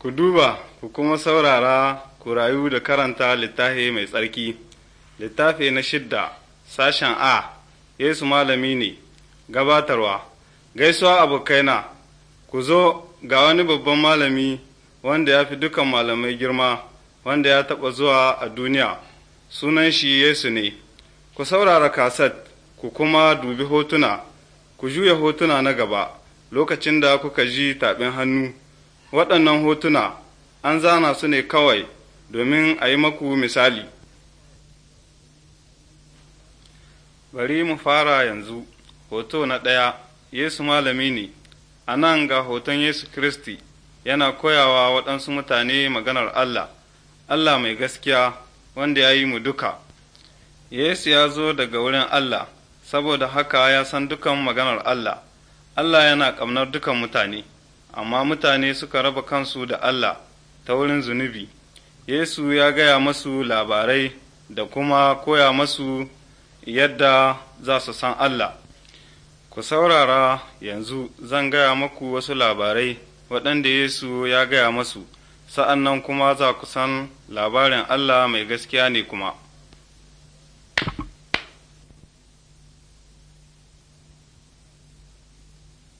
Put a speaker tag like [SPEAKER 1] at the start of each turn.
[SPEAKER 1] Ku duba, ku kuma saurara, ku rayu da karanta littafi mai tsarki, littafi na shidda, sashen A, Yesu malami ne, gabatarwa, gaisuwa abokaina, ku zo ga wani babban malami wanda ya fi dukan malamai girma, wanda ya taɓa zuwa a duniya, sunan shi Yesu ne, ku saurara kaset, ku kuma dubi hotuna, ku juya hotuna na gaba, lokacin da kuka ji taɓin hannu. waɗannan hotuna an zana su ne kawai domin a yi maku misali. Bari mu fara yanzu, hoto na ɗaya, Yesu malami ne, a nan ga hoton Yesu Kiristi yana koyawa waɗansu mutane maganar Allah, Allah mai gaskiya wanda ya yi mu duka. Yesu ya zo daga wurin Allah, saboda haka ya san dukan maganar Allah, Allah yana ƙamnar dukan mutane. amma mutane suka raba kansu da Allah ta wurin zunubi. Yesu ya gaya masu labarai da kuma koya masu yadda za su san Allah. Ku saurara yanzu zan gaya maku wasu labarai waɗanda Yesu ya gaya masu, sa'an nan kuma za ku san labarin Allah mai gaskiya ne kuma.